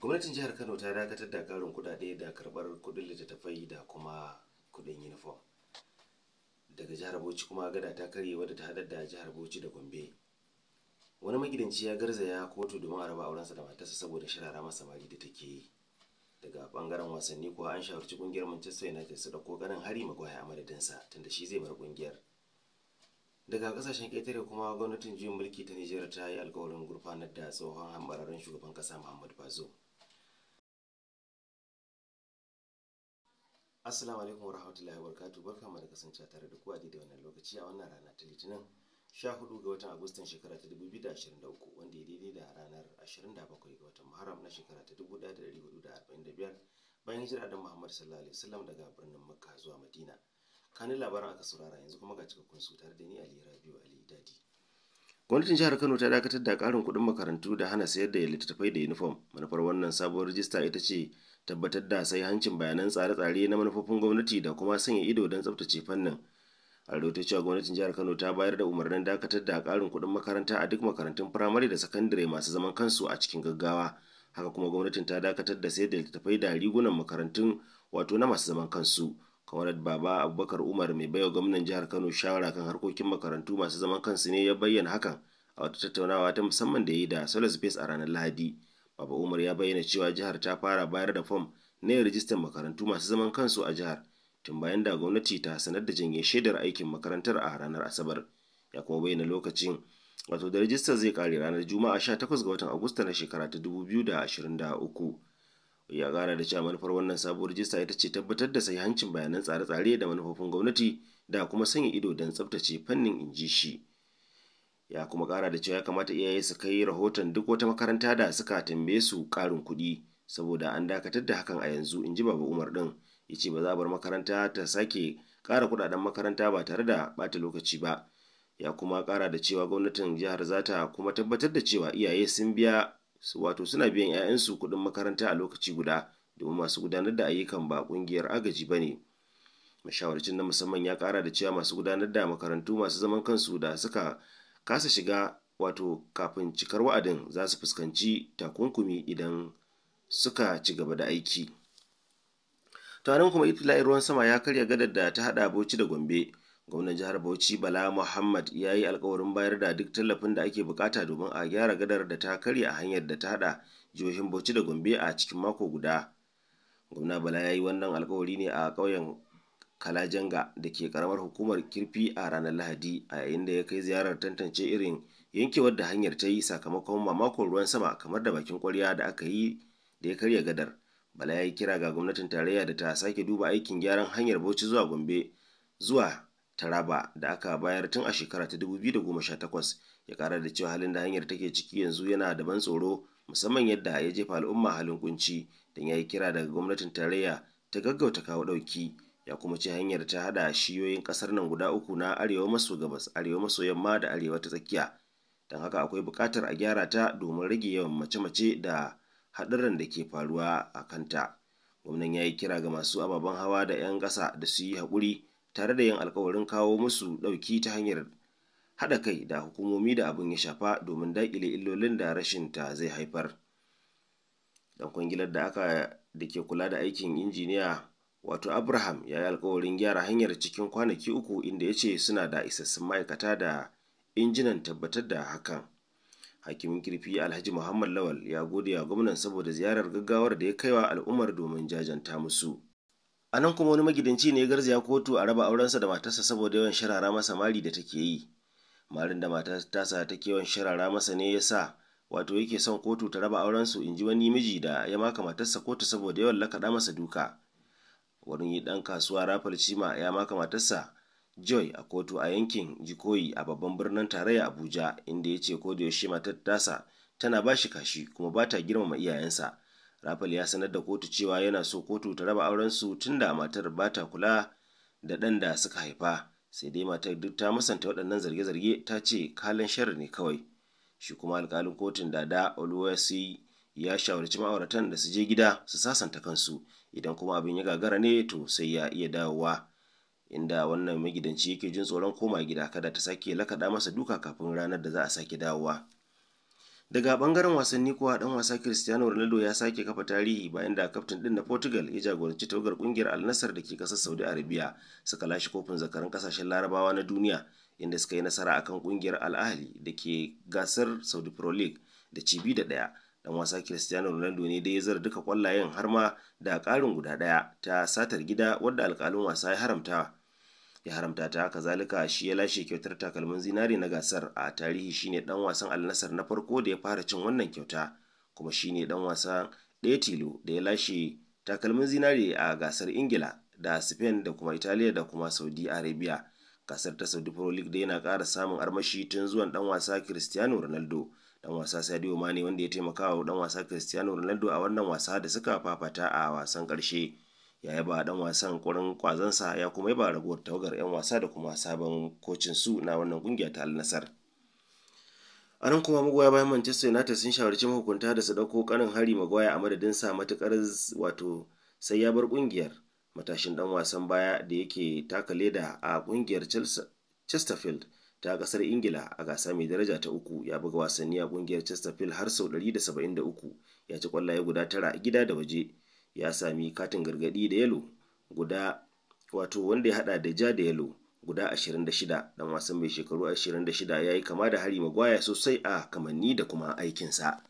gwamnatin jihar kano ta dakatar da karin kudade da karbar kudin littattafai da kuma kudin uniform daga jihar bauchi kuma gada ta karye wadda ta hadar da jihar bauchi da gombe wani magidanci ya garzaya kotu domin a raba aurensa da matarsa saboda shirara masa mari da take yi daga bangaren wasanni kuwa an shawarci kungiyar manchester united su dauko karin hari magwaya a madadinsa tunda shi zai bar kungiyar daga kasashen ƙetare kuma gwamnatin juyin mulki ta nijar ta yi alkawarin gurfanar da tsohon hambararen shugaban ƙasa muhammadu bazo Assalamu alaikum wa rahmatullahi wa barakatuhu da kasancewa tare da ku a da wannan lokaci a wannan rana ta Litinin 14 ga watan Agustan shekara ta 2023 wanda ya daidai da ranar 27 ga watan Muharram na shekara ta 1445 bayan hijira da Muhammad sallallahu alaihi wasallam daga birnin Makka zuwa Madina. Kanin labaran aka saurara yanzu kuma ga cikakkun su tare da ni Ali Rabiu Ali Dadi. Gwamnatin jihar Kano ta dakatar da ƙarin kuɗin makarantu da hana sayar da littattafai da uniform. Manufar wannan sabuwar rijista ita ce tabbatar da sai hancin bayanan tsare-tsare na manufofin gwamnati da kuma sanya ido don tsabtace fannin a ta cewa gwamnatin jihar kano ta bayar da umarnin dakatar da karin kuɗin makaranta a duk makarantun firamare da sakandare masu zaman kansu a cikin gaggawa haka kuma gwamnatin ta dakatar da sayar da littattafai da rigunan makarantun wato na masu zaman kansu kamar baba abubakar umar mai baiwa gwamnan jihar kano shawara kan harkokin makarantu masu zaman kansu ne ya bayyana hakan a wata tattaunawa ta musamman da ya yi da solar space a ranar lahadi Baba Umar ya bayyana cewa jihar ta fara bayar da fom na yin rijistar makarantu masu zaman kansu a jihar tun bayan da gwamnati ta sanar da janye shaidar aikin makarantar a ranar Asabar. Ya kuma bayyana lokacin wato da rijistar zai kare ranar Juma'a 18 ga watan Agusta na shekara ta dubu biyu da ashirin 2023. Ya kara da cewa manufar wannan sabuwar rijista ita ce tabbatar da sahihancin bayanan tsare-tsare da manufofin gwamnati da kuma sanya ido don tsabtace fannin inji shi. ya kuma kara da cewa ya kamata iyaye su kai rahoton duk wata makaranta da suka tambaye su karin kuɗi saboda an dakatar da hakan a yanzu in ji baba umar ɗin ya ce ba za a bar makaranta ta sake kara kuɗaɗen makaranta ba tare da bata lokaci ba ya kuma kara da cewa gwamnatin jihar za ta kuma tabbatar da cewa iyaye sun biya wato suna biyan 'ya'yansu kuɗin makaranta a lokaci guda domin masu gudanar da ayyukan ba ƙungiyar agaji ba ne mashawarcin na musamman ya kara da cewa masu gudanar da makarantu masu zaman kansu da suka kasa shiga wato kafin cikar wa'adin za su fuskanci takunkumi idan suka ci gaba da aiki tunanin kuma itila'in ruwan sama ya karya gadar da ta hada bauchi da gombe gwamnan jihar bauchi bala muhammad ya yi alkawarin bayar da duk tallafin da ake bukata domin a gyara gadar da ta karya a hanyar da ta hada jihohin bauchi da gombe a cikin mako guda gwamna bala ya yi wannan alkawari ne a ƙauyen kalajanga da ke karamar hukumar kirfi a ranar lahadi a yayin da ya kai ziyarar tantance irin yankewar da hanyar ta yi sakamakon mamakon ruwan sama kamar da bakin kwarya da aka yi da ya karya gadar bala ya yi kira ga gwamnatin tarayya da ta sake duba aikin gyaran hanyar bauchi zuwa gombe zuwa taraba da aka bayar tun a shekara ta 2018 ya kara da cewa halin da hanyar take ciki yanzu yana da ban tsoro musamman yadda ya jefa al'umma halin kunci don ya yi kira daga gwamnatin tarayya ta gaggauta kawo ɗauki ya kuma ci hanyar ta hada shiyoyin kasar nan guda uku na arewa maso gabas arewa maso yamma da arewa ta tsakiya don haka akwai bukatar a gyara ta domin rage yawan mace-mace da hadarin da ke faruwa a kanta gwamnan ya yi kira ga masu ababen hawa da 'yan ƙasa da su yi haƙuri tare da yin alkawarin kawo musu ɗauki ta hanyar haɗa kai da hukumomi da abin ya shafa domin daƙile illolin da rashin ta zai haifar dan kwangilar da aka da ke kula da aikin injiniya wato abraham ya yi alkawarin gyara hanyar cikin kwanaki uku inda ya ce suna da isassun ma'aikata da injinan tabbatar da hakan hakimin kirfi alhaji muhammad lawal ya gode wa gwamnan saboda ziyarar gaggawar da ya kai wa al'ummar domin jajanta musu a nan kuma wani magidanci ne garzaya kotu a raba aurensa da matarsa saboda yawan sharara masa mari da take yi marin da matar tasa ke yawan sharara masa ne ya sa wato yake son kotu ta raba aurensu in ji wani miji da ya maka matarsa kotu saboda yawan lakaɗa masa duka yi ɗan kasuwa rafal cima ya maka matarsa joy a kotu a yankin jikoyi a babban birnin tarayya abuja inda ya ce ko da yaushe matar tasa tana ba shi kashi kuma ba ta girmama iyayensa rafal ya sanar da kotu cewa yana so kotu ta raba aurensu tunda matar ba ta kula da ɗan da suka haifa sai dai matar duk ta musanta waɗannan zarge-zarge ta ce kalan sharri ne kawai shi kuma alkalin kotun dada oluwasi ya shawarci ma'auratan da su je gida su sasanta kansu idan kuma abin ya gagara ne to sai ya iya dawowa inda wannan magidanci yake jin tsoron koma gida kada ta sake lakada masa duka kafin ranar da za a sake dawowa daga bangaren wasanni kuwa dan wasa cristiano ronaldo ya sake kafa tarihi bayan da kaftin din na portugal ya jagoranci tawagar kungiyar alnasar da ke kasar saudi arabia suka lashe kofin zakaran kasashen larabawa na duniya inda suka yi nasara akan kungiyar al-ahli da ke gasar saudi pro league da cibi da daya dan wasa cristiano ronaldo ne dai ya zara duka kwallayen har ma da karin guda ɗaya ta satar gida wadda alƙalin wasa ya haramta ya haramta ta kazalika shi ya lashe kyautar takalmin zinari na gasar a tarihi shine dan wasan alnasar na farko da ya fara cin wannan kyauta kuma shine dan wasa ɗaya tilo da ya lashe takalmin zinari a gasar ingila da spain da kuma italiya da kuma saudi arabia gasar ta saudi pro league da yana ƙara samun armashi tun zuwan dan wasa cristiano ronaldo dan wasa Sadio Mane wanda ya taimaka wa dan wasa Cristiano Ronaldo a wannan wasa da suka fafata a wasan ƙarshe ya yaba dan wasan ƙwarin kwazansa ya kuma yaba ragowar tawagar 'yan wasa da kuma sabon kocin su na wannan kungiya ta Al Nassr a nan kuma magoya bayan Manchester United sun shawarci mahukunta da su dauko ƙarin hari Maguire a madadin sa matukar wato sai ya bar kungiyar matashin dan wasan baya da yake taka leda a kungiyar Chesterfield ta kasar ingila a gasa mai daraja ta uku ya buga wasanni a kungiyar chesterfield har sau 173 ya ci kwallaye guda tara gida da waje ya sami katin gargadi da yalo guda wato wanda ya hada da ja da yalo guda 26 dan wasan mai shekaru 26 ya yi kama da hari magwaya sosai a kamanni da kuma aikinsa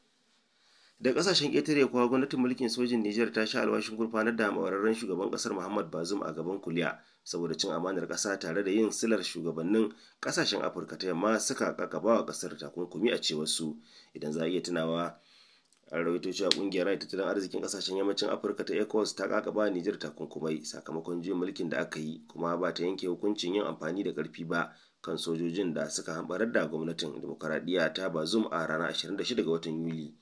da kasashen ƙetare kuwa gwamnatin mulkin sojin Nijar ta sha alwashin gurfanar da mawararren shugaban ƙasar Muhammad Bazum a gaban kuliya saboda cin amanar kasa tare da yin silar shugabannin kasashen Afirka ta yamma suka kakaba wa ƙasar takunkumi a cewar su idan za a iya tunawa an rawaito cewa kungiyar rai tattalin arzikin kasashen yammacin afirka ta ecowas ta kakaba nijar takunkumai sakamakon juyin mulkin da aka yi kuma ba ta yanke hukuncin yin amfani da karfi ba kan sojojin da suka hambarar da gwamnatin demokaradiyya ta bazum a ranar 26 ga watan yuli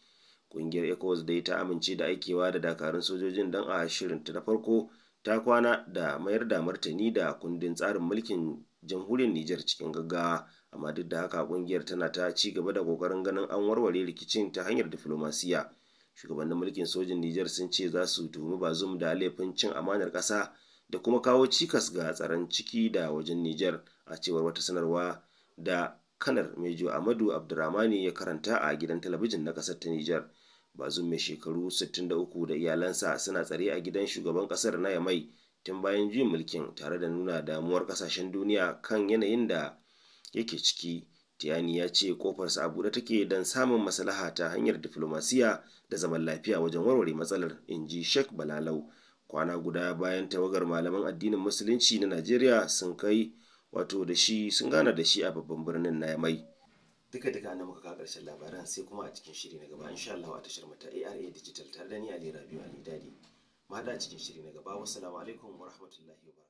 kungiyar ecowas dai ta amince da aikewa da dakarun sojojin dan a shirinta na farko ta kwana da mayar da martani da kundin tsarin mulkin jamhuriyar nijar cikin gaggawa amma duk da haka kungiyar tana ta ci gaba da kokarin ganin an warware rikicin ta hanyar diflomasiya shugabannin mulkin sojin nijar sun ce za su tuhumi bazum da laifin cin amanar ƙasa da kuma kawo cikas ga tsaron ciki da wajen nijar a cewar wata sanarwa da kanar mejo amadu abdurrahmani ya karanta a gidan talabijin na ƙasar ta nijar bazum mai shekaru 63 da iyalansa suna tsare a gidan shugaban kasar na yamai tun bayan juyin mulkin tare da nuna damuwar kasashen duniya kan yanayin da yake ciki tiyani ya ce kofarsa a buɗe take don samun maslaha ta hanyar diflomasiya da zaman lafiya wajen warware matsalar in ji sheikh balalau kwana guda bayan tawagar malaman addinin musulunci na najeriya sun kai wato da shi sun gana da shi a babban birnin na yamai duka duka na muka kawo karshen labaran sai kuma a cikin shiri na gaba insha Allah a tashar mata ARA digital tare da ni Ali Rabiu Ali Dadi mu hada cikin shiri na gaba wassalamu alaikum wa rahmatullahi wa